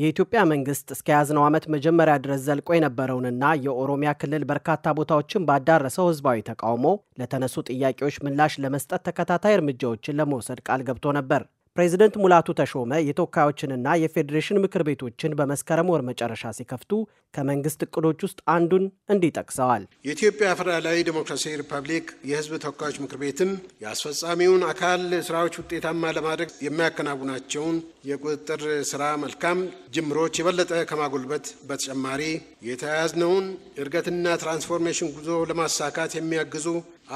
የኢትዮጵያ መንግስት እስከ ያዝነው ዓመት መጀመሪያ ድረስ ዘልቆ የነበረውንና የኦሮሚያ ክልል በርካታ ቦታዎችን ባዳረሰው ህዝባዊ ተቃውሞ ለተነሱ ጥያቄዎች ምላሽ ለመስጠት ተከታታይ እርምጃዎችን ለመውሰድ ቃል ገብቶ ነበር። ፕሬዚደንት ሙላቱ ተሾመ የተወካዮችንና የፌዴሬሽን ምክር ቤቶችን በመስከረም ወር መጨረሻ ሲከፍቱ ከመንግስት እቅዶች ውስጥ አንዱን እንዲህ ጠቅሰዋል። የኢትዮጵያ ፌዴራላዊ ዴሞክራሲያዊ ሪፐብሊክ የህዝብ ተወካዮች ምክር ቤትም የአስፈጻሚውን አካል ስራዎች ውጤታማ ለማድረግ የሚያከናውናቸውን የቁጥጥር ስራ መልካም ጅምሮች የበለጠ ከማጎልበት በተጨማሪ የተያያዝነውን እድገትና ትራንስፎርሜሽን ጉዞ ለማሳካት የሚያግዙ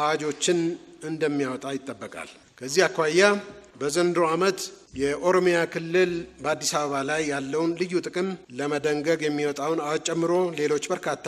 አዋጆችን እንደሚያወጣ ይጠበቃል። ከዚህ አኳያ በዘንድሮ ዓመት የኦሮሚያ ክልል በአዲስ አበባ ላይ ያለውን ልዩ ጥቅም ለመደንገግ የሚወጣውን አዋጅ ጨምሮ ሌሎች በርካታ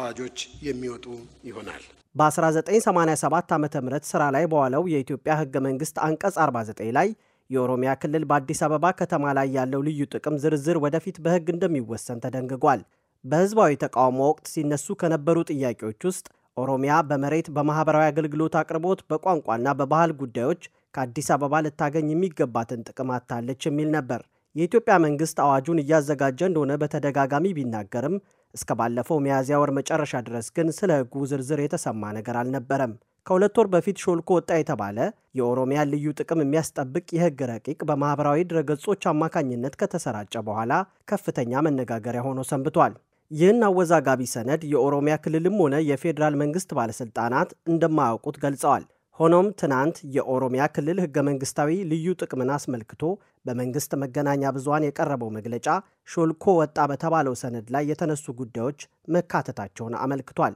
አዋጆች የሚወጡ ይሆናል። በ1987 ዓ ም ሥራ ላይ በዋለው የኢትዮጵያ ህገ መንግሥት አንቀጽ 49 ላይ የኦሮሚያ ክልል በአዲስ አበባ ከተማ ላይ ያለው ልዩ ጥቅም ዝርዝር ወደፊት በህግ እንደሚወሰን ተደንግጓል። በህዝባዊ ተቃውሞ ወቅት ሲነሱ ከነበሩ ጥያቄዎች ውስጥ ኦሮሚያ በመሬት፣ በማኅበራዊ አገልግሎት አቅርቦት፣ በቋንቋና በባህል ጉዳዮች ከአዲስ አበባ ልታገኝ የሚገባትን ጥቅም አታለች የሚል ነበር። የኢትዮጵያ መንግሥት አዋጁን እያዘጋጀ እንደሆነ በተደጋጋሚ ቢናገርም እስከ ባለፈው ሚያዝያ ወር መጨረሻ ድረስ ግን ስለ ህጉ ዝርዝር የተሰማ ነገር አልነበረም። ከሁለት ወር በፊት ሾልኮ ወጣ የተባለ የኦሮሚያን ልዩ ጥቅም የሚያስጠብቅ የህግ ረቂቅ በማኅበራዊ ድረገጾች አማካኝነት ከተሰራጨ በኋላ ከፍተኛ መነጋገሪያ ሆኖ ሰንብቷል። ይህን አወዛጋቢ ሰነድ የኦሮሚያ ክልልም ሆነ የፌዴራል መንግሥት ባለሥልጣናት እንደማያውቁት ገልጸዋል። ሆኖም ትናንት የኦሮሚያ ክልል ህገ መንግስታዊ ልዩ ጥቅምን አስመልክቶ በመንግስት መገናኛ ብዙሃን የቀረበው መግለጫ ሾልኮ ወጣ በተባለው ሰነድ ላይ የተነሱ ጉዳዮች መካተታቸውን አመልክቷል።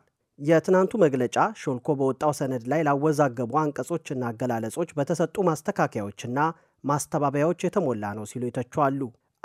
የትናንቱ መግለጫ ሾልኮ በወጣው ሰነድ ላይ ላወዛገቡ አንቀጾችና አገላለጾች በተሰጡ ማስተካከያዎችና ማስተባበያዎች የተሞላ ነው ሲሉ ይተቸዋሉ።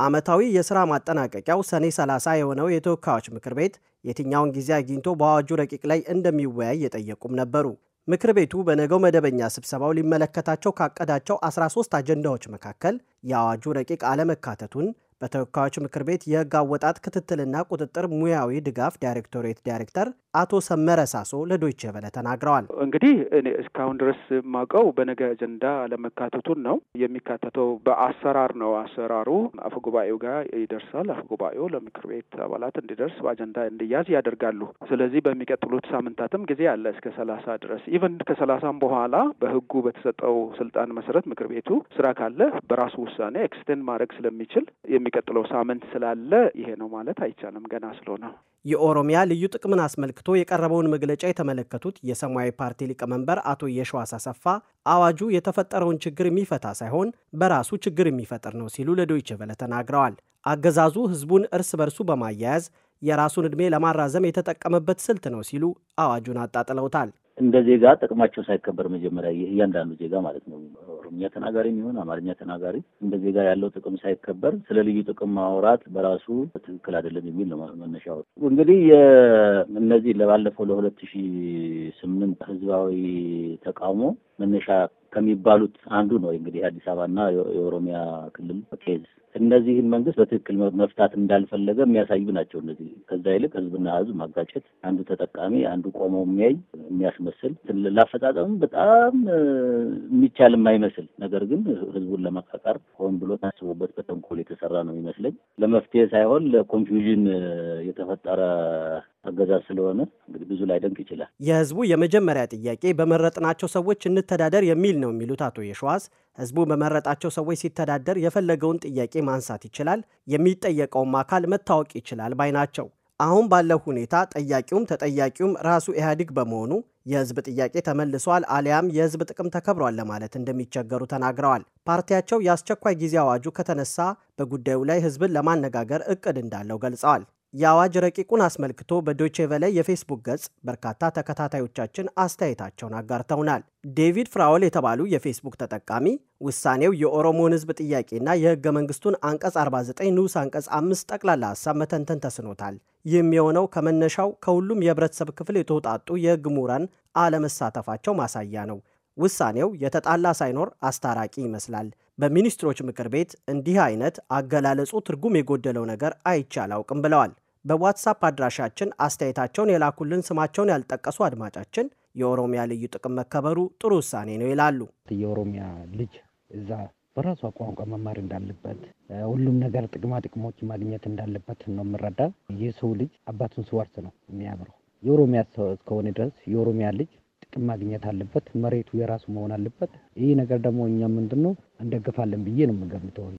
ዓመታዊ የሥራ ማጠናቀቂያው ሰኔ 30 የሆነው የተወካዮች ምክር ቤት የትኛውን ጊዜ አግኝቶ በአዋጁ ረቂቅ ላይ እንደሚወያይ የጠየቁም ነበሩ። ምክር ቤቱ በነገው መደበኛ ስብሰባው ሊመለከታቸው ካቀዳቸው 13 አጀንዳዎች መካከል የአዋጁ ረቂቅ አለመካተቱን በተወካዮች ምክር ቤት የህግ አወጣት ክትትልና ቁጥጥር ሙያዊ ድጋፍ ዳይሬክቶሬት ዳይሬክተር አቶ ሰመረ ሳሶ ለዶይቼ ቬለ ተናግረዋል። እንግዲህ እኔ እስካሁን ድረስ የማውቀው በነገ አጀንዳ አለመካተቱን ነው። የሚካተተው በአሰራር ነው። አሰራሩ አፈ ጉባኤው ጋር ይደርሳል። አፈጉባኤው ለምክር ቤት አባላት እንዲደርስ በአጀንዳ እንዲያዝ ያደርጋሉ። ስለዚህ በሚቀጥሉት ሳምንታትም ጊዜ አለ እስከ ሰላሳ ድረስ ኢቨን ከሰላሳም በኋላ በህጉ በተሰጠው ስልጣን መሰረት ምክር ቤቱ ስራ ካለ በራሱ ውሳኔ ኤክስቴንድ ማድረግ ስለሚችል የሚ የሚቀጥለው ሳምንት ስላለ ይሄ ነው ማለት አይቻልም ገና ስለሆነ። የኦሮሚያ ልዩ ጥቅምን አስመልክቶ የቀረበውን መግለጫ የተመለከቱት የሰማያዊ ፓርቲ ሊቀመንበር አቶ የሸዋስ አሰፋ አዋጁ የተፈጠረውን ችግር የሚፈታ ሳይሆን በራሱ ችግር የሚፈጥር ነው ሲሉ ለዶይቼ ቬለ ተናግረዋል። አገዛዙ ህዝቡን እርስ በርሱ በማያያዝ የራሱን ዕድሜ ለማራዘም የተጠቀመበት ስልት ነው ሲሉ አዋጁን አጣጥለውታል። እንደ ዜጋ ጥቅማቸው ሳይከበር መጀመሪያ እያንዳንዱ ዜጋ ማለት ነው ኦሮምኛ ተናጋሪ የሚሆን አማርኛ ተናጋሪ እንደ ዜጋ ያለው ጥቅም ሳይከበር ስለ ልዩ ጥቅም ማውራት በራሱ ትክክል አይደለም የሚል ነው መነሻው። እንግዲህ እነዚህ ለባለፈው ለሁለት ሺህ ስምንት ህዝባዊ ተቃውሞ መነሻ ከሚባሉት አንዱ ነው። እንግዲህ የአዲስ አበባና የኦሮሚያ ክልል ኬዝ እነዚህን መንግስት በትክክል መፍታት እንዳልፈለገ የሚያሳዩ ናቸው። እነዚህ ከዛ ይልቅ ህዝብና ህዝብ ማጋጨት፣ አንዱ ተጠቃሚ አንዱ ቆሞ የሚያይ የሚያስመስል ላፈጻጸም በጣም የሚቻል የማይመስል ነገር ግን ህዝቡን ለመቃቀር ሆን ብሎ ታስቦበት በተንኮል የተሰራ ነው ይመስለኝ። ለመፍትሄ ሳይሆን ለኮንፊውዥን የተፈጠረ አገዛዝ ስለሆነ እንግዲህ ብዙ ደንቅ ይችላል። የህዝቡ የመጀመሪያ ጥያቄ በመረጥናቸው ሰዎች እንተዳደር የሚል ነው የሚሉት አቶ የሸዋስ ህዝቡ በመረጣቸው ሰዎች ሲተዳደር የፈለገውን ጥያቄ ማንሳት ይችላል፣ የሚጠየቀውም አካል መታወቅ ይችላል ባይ ናቸው። አሁን ባለው ሁኔታ ጠያቂውም ተጠያቂውም ራሱ ኢህአዲግ በመሆኑ የህዝብ ጥያቄ ተመልሷል አሊያም የህዝብ ጥቅም ተከብሯል ለማለት እንደሚቸገሩ ተናግረዋል። ፓርቲያቸው የአስቸኳይ ጊዜ አዋጁ ከተነሳ በጉዳዩ ላይ ህዝብን ለማነጋገር እቅድ እንዳለው ገልጸዋል። የአዋጅ ረቂቁን አስመልክቶ በዶቼ ቨለ የፌስቡክ ገጽ በርካታ ተከታታዮቻችን አስተያየታቸውን አጋርተውናል። ዴቪድ ፍራወል የተባሉ የፌስቡክ ተጠቃሚ ውሳኔው የኦሮሞን ሕዝብ ጥያቄና የህገ መንግስቱን አንቀጽ 49 ንዑስ አንቀጽ 5 ጠቅላላ ሀሳብ መተንተን ተስኖታል። ይህም የሆነው ከመነሻው ከሁሉም የህብረተሰብ ክፍል የተውጣጡ የህግ ምሁራን አለመሳተፋቸው ማሳያ ነው። ውሳኔው የተጣላ ሳይኖር አስታራቂ ይመስላል። በሚኒስትሮች ምክር ቤት እንዲህ አይነት አገላለጹ ትርጉም የጎደለው ነገር አይቼ አላውቅም ብለዋል። በዋትሳፕ አድራሻችን አስተያየታቸውን የላኩልን ስማቸውን ያልጠቀሱ አድማጫችን የኦሮሚያ ልዩ ጥቅም መከበሩ ጥሩ ውሳኔ ነው ይላሉ። የኦሮሚያ ልጅ እዛ በራሷ ቋንቋ መማር እንዳለበት፣ ሁሉም ነገር ጥቅማ ጥቅሞች ማግኘት እንዳለበት ነው የምረዳ። የሰው ልጅ አባቱን ስዋርት ነው የሚያምረው። የኦሮሚያ እስከሆነ ድረስ የኦሮሚያ ልጅ ጥቅም ማግኘት አለበት። መሬቱ የራሱ መሆን አለበት። ይህ ነገር ደግሞ እኛ ምንድን ነው እንደግፋለን ብዬ ነው የምገምተው።